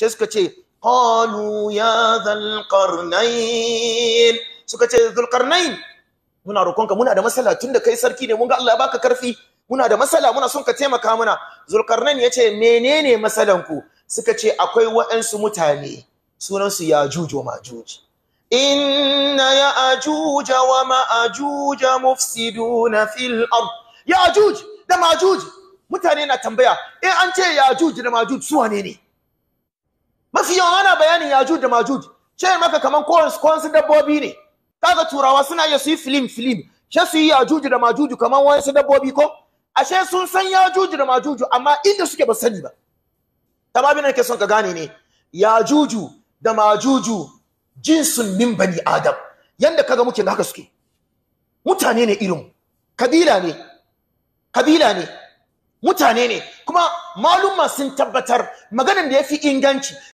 shi suka ce qalu ya qarnain suka ce qarnain muna muna da masala tunda kai sarki ne mun ga Allah ya baka karfi muna da masala muna son ka taimaka mana zulkarnain yace menene masalan ku suka ce akwai waɗansu mutane sunansu yajuj wa majuj inna wa fil ard yajuj da majuj mutane na tambaya eh an ce yajuj da majuj su wane ne yajud da majud ce maka kaman kowansu kowansu dabbobi ne kaga turawa suna iya su yi filim filim ce su yi yajud da majuju kaman wasu dabbobi ko ashe sun san yajuju da majud amma inda suke ba sani ba tamabin ke son ka gane ne yajuju da majuju jinsun min bani adam yanda kaga muke haka suke mutane ne irin kabila ne kabila ne mutane ne kuma malumma sun tabbatar maganan da yafi inganci